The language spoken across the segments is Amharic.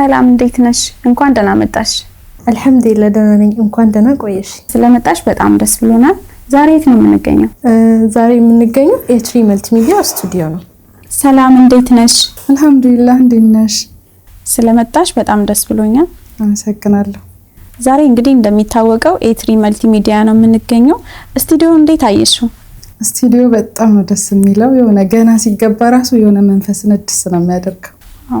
ሰላም እንዴት ነሽ? እንኳን ደህና መጣሽ። አልሐምዱሊላ ደህና ነኝ። እንኳን ደህና ቆየሽ። ስለመጣሽ በጣም ደስ ብሎናል። ዛሬ የት ነው የምንገኘው? ዛሬ የምንገኘው ኤትሪ መልቲሚዲያ ስቱዲዮ ነው። ሰላም እንዴት ነሽ? አልሐምዱሊላ እንዴት ነሽ? ስለመጣሽ በጣም ደስ ብሎኛል። አመሰግናለሁ። ዛሬ እንግዲህ እንደሚታወቀው ኤትሪ መልቲሚዲያ ነው የምንገኘው። ስቱዲዮ እንዴት አየሽው? ስቱዲዮ በጣም ደስ የሚለው። የሆነ ገና ሲገባ ራሱ የሆነ መንፈስን እድስ ነው የሚያደርገው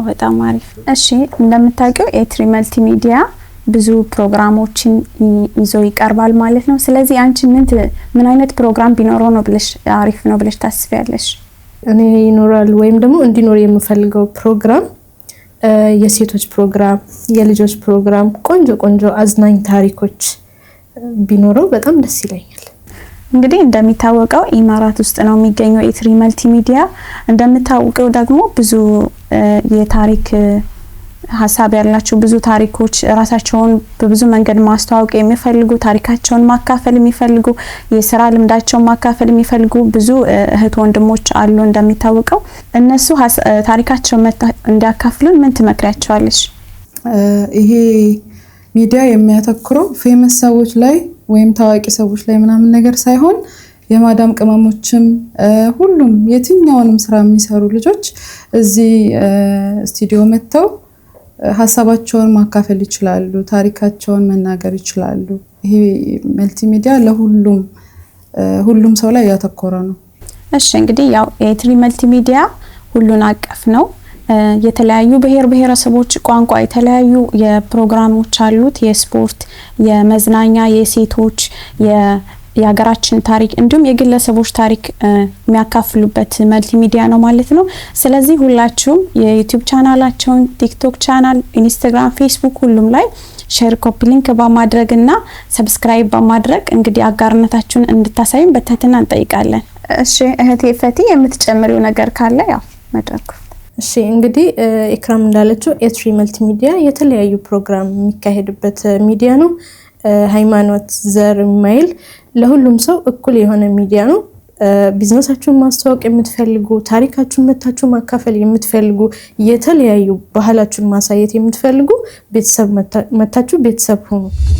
በጣም አሪፍ። እሺ እንደምታውቂው ኤትሪ መልቲ ሚዲያ ብዙ ፕሮግራሞችን ይዞ ይቀርባል ማለት ነው። ስለዚህ አንቺ ምን ምን አይነት ፕሮግራም ቢኖረው ነው ብለሽ አሪፍ ነው ብለሽ ታስቢያለሽ? እኔ ይኖራል ወይም ደግሞ እንዲኖር የምፈልገው ፕሮግራም የሴቶች ፕሮግራም፣ የልጆች ፕሮግራም፣ ቆንጆ ቆንጆ አዝናኝ ታሪኮች ቢኖረው በጣም ደስ ይለኛል። እንግዲህ እንደሚታወቀው ኢማራት ውስጥ ነው የሚገኘው ኤትሪ መልቲ ሚዲያ። ደግሞ ብዙ የታሪክ ሀሳብ ያላቸው ብዙ ታሪኮች ራሳቸውን በብዙ መንገድ ማስተዋወቅ የሚፈልጉ ታሪካቸውን ማካፈል የሚፈልጉ የስራ ልምዳቸውን ማካፈል የሚፈልጉ ብዙ እህት ወንድሞች አሉ። እንደሚታወቀው እነሱ ታሪካቸውን እንዲያካፍሉን ምን ትመክሪያቸዋለች? ይሄ ሚዲያ የሚያተኩረው ፌመስ ሰዎች ላይ ወይም ታዋቂ ሰዎች ላይ ምናምን ነገር ሳይሆን የማዳም ቅመሞችም ሁሉም የትኛውንም ስራ የሚሰሩ ልጆች እዚህ ስቱዲዮ መጥተው ሀሳባቸውን ማካፈል ይችላሉ። ታሪካቸውን መናገር ይችላሉ። ይሄ መልቲሚዲያ ለሁሉም ሁሉም ሰው ላይ እያተኮረ ነው። እሺ እንግዲህ ያው የትሪ መልቲሚዲያ ሁሉን አቀፍ ነው። የተለያዩ ብሔር ብሔረሰቦች ቋንቋ የተለያዩ የፕሮግራሞች አሉት። የስፖርት፣ የመዝናኛ፣ የሴቶች፣ የሀገራችን ታሪክ እንዲሁም የግለሰቦች ታሪክ የሚያካፍሉበት መልቲ ሚዲያ ነው ማለት ነው። ስለዚህ ሁላችሁም የዩቲዩብ ቻናላቸውን፣ ቲክቶክ ቻናል፣ ኢንስታግራም፣ ፌስቡክ ሁሉም ላይ ሼር ኮፒ ሊንክ በማድረግ እና ሰብስክራይብ በማድረግ እንግዲህ አጋርነታችሁን እንድታሳዩን በትህትና እንጠይቃለን። እሺ እህቴ ፈቲ የምትጨምሪው ነገር ካለ ያው መድረኩ እሺ እንግዲህ ኢክራም እንዳለችው ኤትሪ መልቲሚዲያ ሚዲያ የተለያዩ ፕሮግራም የሚካሄድበት ሚዲያ ነው። ሃይማኖት፣ ዘር የማይል ለሁሉም ሰው እኩል የሆነ ሚዲያ ነው። ቢዝነሳችሁን ማስተዋወቅ የምትፈልጉ ታሪካችሁን መታችሁ ማካፈል የምትፈልጉ የተለያዩ ባህላችሁን ማሳየት የምትፈልጉ ቤተሰብ መታችሁ ቤተሰብ ሁኑ።